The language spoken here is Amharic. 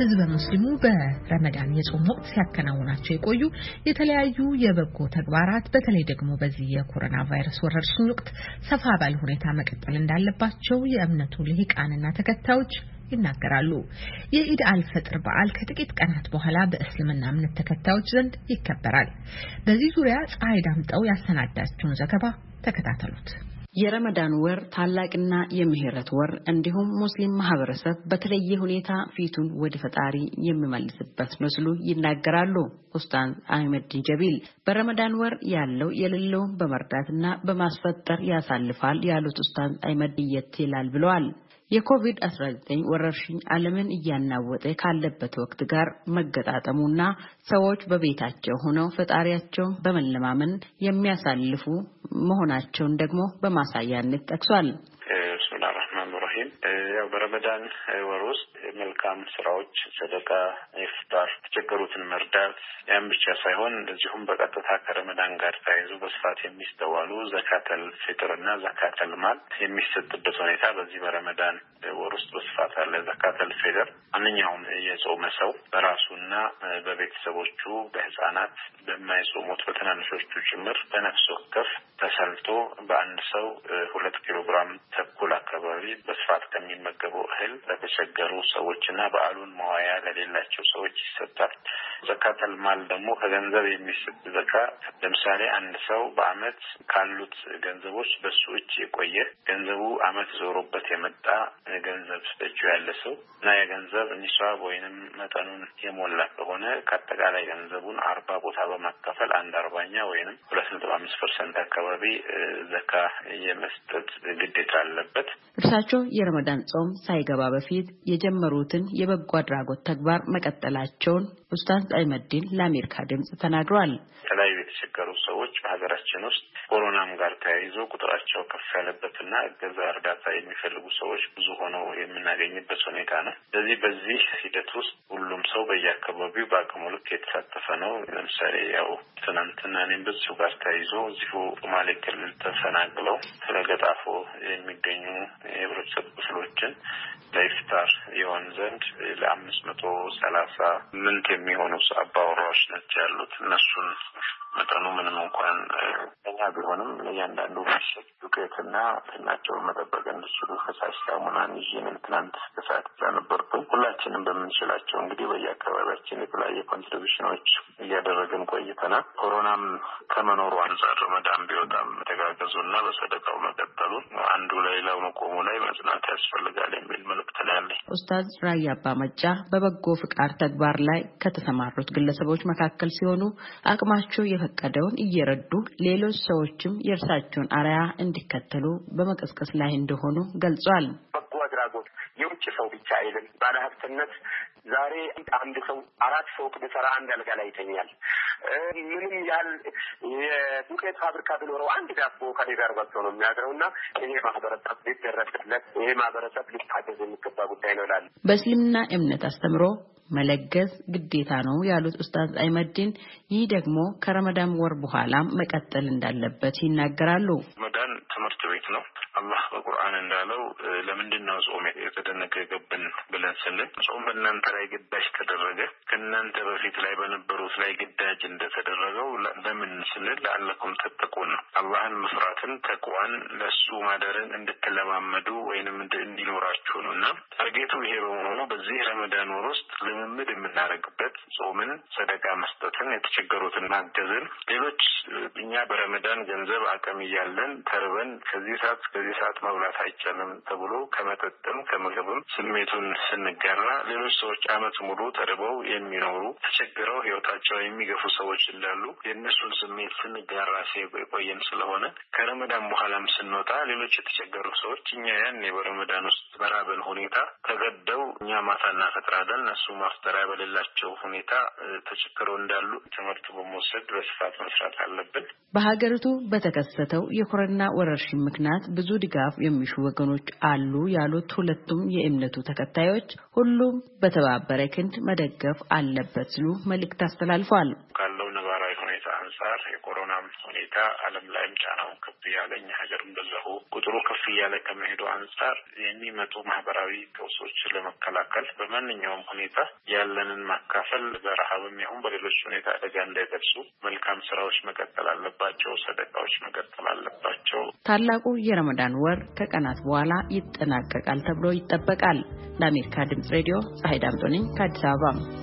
ህዝበ ሙስሊሙ በረመዳን የጾም ወቅት ሲያከናውናቸው የቆዩ የተለያዩ የበጎ ተግባራት በተለይ ደግሞ በዚህ የኮሮና ቫይረስ ወረርሽኝ ወቅት ሰፋ ባለ ሁኔታ መቀጠል እንዳለባቸው የእምነቱ ልሂቃንና ተከታዮች ይናገራሉ። የኢድ አልፈጥር በዓል ከጥቂት ቀናት በኋላ በእስልምና እምነት ተከታዮች ዘንድ ይከበራል። በዚህ ዙሪያ ፀሐይ ዳምጠው ያሰናዳችውን ዘገባ ተከታተሉት። የረመዳን ወር ታላቅና የምህረት ወር እንዲሁም ሙስሊም ማህበረሰብ በተለየ ሁኔታ ፊቱን ወደ ፈጣሪ የሚመልስበት ነው ሲሉ ይናገራሉ ኡስታን አህመድ ጀቢል። በረመዳን ወር ያለው የሌለውን በመርዳትና በማስፈጠር ያሳልፋል ያሉት ኡስታን አህመድ የት ይላል ብለዋል። የኮቪድ-19 ወረርሽኝ ዓለምን እያናወጠ ካለበት ወቅት ጋር መገጣጠሙና ሰዎች በቤታቸው ሆነው ፈጣሪያቸውን በመለማመን የሚያሳልፉ መሆናቸውን ደግሞ በማሳያነት ጠቅሷል። ያው በረመዳን ወር ውስጥ መልካም ስራዎች፣ ሰደቃ፣ ኢፍጣር፣ የተቸገሩትን መርዳት ያም ብቻ ሳይሆን እንደዚሁም በቀጥታ ከረመዳን ጋር ተያይዞ በስፋት የሚስተዋሉ ዘካተል ፍጥር እና ዘካተል ማል የሚሰጥበት ሁኔታ በዚህ በረመዳን ወር ውስጥ በስፋት አለ። ዘካተል ፌደር ማንኛውም የጾመ ሰው በራሱና በቤተሰቦቹ በህጻናት፣ በማይጾሙት በትናንሾቹ ጭምር በነፍስ ወከፍ ተሰልቶ በአንድ ሰው ሁለት ኪሎ ግራም ተኩል አካባቢ በስፋት ከሚመገበው እህል ለተቸገሩ ሰዎችና በዓሉን መዋያ ለሌላቸው ሰዎች ይሰጣል። ዘካተል ማል ደግሞ ከገንዘብ የሚሰጥ ዘካ። ለምሳሌ አንድ ሰው በአመት ካሉት ገንዘቦች በሱ እጅ የቆየ ገንዘቡ አመት ዞሮበት የመጣ ገንዘብ በእጁ ያለ ሰው እና የገንዘብ ኒሷብ ወይንም መጠኑን የሞላ ከሆነ ከአጠቃላይ ገንዘቡን አርባ ቦታ በማካፈል አንድ አርባኛ ወይንም ሁለት ነጥብ አምስት ፐርሰንት አካባቢ ዘካ የመስጠት ግዴታ አለበት። እርሳቸው የረመዳን ጾም ሳይገባ በፊት የጀመሩትን የበጎ አድራጎት ተግባር መቀጠላቸውን ኡስታዝ ጣይመዲን ለአሜሪካ ድምጽ ተናግረዋል። የተለያዩ የተቸገሩ ሰዎች በሀገራችን ውስጥ ኮሮናም ጋር ተያይዞ ቁጥራቸው ከፍ ያለበትና እገዛ እርዳታ የሚፈልጉ ሰዎች ብዙ ሆነው የምናገኝበት ሁኔታ ነው። ስለዚህ በዚህ ሂደት ውስጥ ሁሉም ሰው በየአካባቢው በአቅሙ ልክ የተሳተፈ ነው። ለምሳሌ ያው ትናንትና እኔም በዚሁ ጋር ተያይዞ እዚሁ ሶማሌ ክልል ተፈናቅለው ስለ ገጣፎ የሚገኙ የህብረተሰብ ክፍሎችን ለኢፍታር የሆን ዘንድ ለአምስት መቶ ሰላሳ ምንት የሚሆኑ አባወራዎች ናቸው ያሉት እነሱን መጠኑ ምንም እንኳን እኛ ቢሆንም እያንዳንዱ ዱቄት ዱቄትና ትናቸውን መጠበቅ እንድችሉ ፈሳሽ ሳሙናን ይዤንም ትናንት ከሰዓት እዛ ነበርኩኝ። ሁላችንም በምንችላቸው እንግዲህ በየአካባቢያችን የተለያየ ኮንትሪቢሽኖች እያደረግን ቆይተናል። ኮሮናም ከመኖሩ አንጻር መዳም ቢወጣም መተጋገዙና በሰደቃው መቀጠሉ አንዱ ለሌላው መቆሙ ላይ መጽናት ያስፈልጋል የሚል መልእክት ነው ያለኝ። ኡስታዝ ራያ አባ መጫ በበጎ ፍቃድ ተግባር ላይ ከተሰማሩት ግለሰቦች መካከል ሲሆኑ አቅማቸው የፈቀደውን እየረዱ ሌሎች ሰዎችም የእርሳቸውን አርያ እንዲከተሉ በመቀስቀስ ላይ እንደሆኑ ገልጿል። በጎ አድራጎት የውጭ ሰው ብቻ አይልም። ባለሀብትነት ዛሬ አንድ ሰው አራት ፎቅ ቢሰራ አንድ አልጋ ላይ ይተኛል። ምንም ያህል የዱቄት ፋብሪካ ቢኖረው አንድ ዳቦ ከሌ ጋር በልቶ ነው የሚያድረው እና ይሄ ማህበረሰብ ሊደረስለት፣ ይሄ ማህበረሰብ ሊታገዝ የሚገባ ጉዳይ ነው ይላል። በእስልምና እምነት አስተምሮ መለገስ ግዴታ ነው ያሉት ኡስታዝ አይመዲን ይህ ደግሞ ከረመዳን ወር በኋላ መቀጠል እንዳለበት ይናገራሉ። ረመዳን ትምህርት ቤት ነው። አላህ በቁርአን እንዳለው ለምንድን ነው ጾም የተደነገገብን ብለን ስንል ጾም በእናንተ ላይ ግዳጅ ተደረገ ከእናንተ በፊት ላይ በነበሩት ላይ ግዳጅ እንደተደረገው ለምን ስንል ለአለኩም ተጠቁን ነው። አላህን መፍራትን ተቅዋን ለሱ ማደርን እንድትለማመዱ ወይንም እንዲኖራችሁ ነው እና ታርጌቱ ይሄ በመሆኑ በዚህ ረመዳን ወር ውስጥ ልምምድ የምናደርግበት ጾምን፣ ሰደቃ መስጠትን፣ የተቸገሩትን ማገዝን ሌሎች እኛ በረመዳን ገንዘብ አቅም እያለን ተርበን ከዚህ ሰዓት ሰዓት መብላት አይቻልም ተብሎ ከመጠጥም ከምግብም ስሜቱን ስንጋራ ሌሎች ሰዎች አመት ሙሉ ተርበው የሚኖሩ ተቸግረው ህይወታቸው የሚገፉ ሰዎች እንዳሉ የእነሱን ስሜት ስንጋራ የቆየን ስለሆነ ከረመዳን በኋላም ስንወጣ ሌሎች የተቸገሩ ሰዎች እኛ ያኔ በረመዳን ውስጥ በራብን ሁኔታ ዲፕሎማት እናፈጥራለን። እነሱ ማፍጠሪያ በሌላቸው ሁኔታ ተቸግረው እንዳሉ ትምህርት በመውሰድ በስፋት መስራት አለብን። በሀገሪቱ በተከሰተው የኮረና ወረርሽኝ ምክንያት ብዙ ድጋፍ የሚሹ ወገኖች አሉ ያሉት ሁለቱም የእምነቱ ተከታዮች ሁሉም በተባበረ ክንድ መደገፍ አለበት ሲሉ መልእክት አስተላልፏል። ካለው ነባራዊ ሁኔታ አንጻር አፍሪካ ዓለም ላይም ጫናውን ከፍ እያለ እኛ ሀገርም ቁጥሩ ከፍ እያለ ከመሄዱ አንጻር የሚመጡ ማህበራዊ ቀውሶች ለመከላከል በማንኛውም ሁኔታ ያለንን ማካፈል በረሀብም ይሁን በሌሎች ሁኔታ አደጋ እንዳይደርሱ መልካም ስራዎች መቀጠል አለባቸው። ሰደቃዎች መቀጠል አለባቸው። ታላቁ የረመዳን ወር ከቀናት በኋላ ይጠናቀቃል ተብሎ ይጠበቃል። ለአሜሪካ ድምጽ ሬዲዮ ፀሐይ ዳምጦ ነኝ ከአዲስ አበባ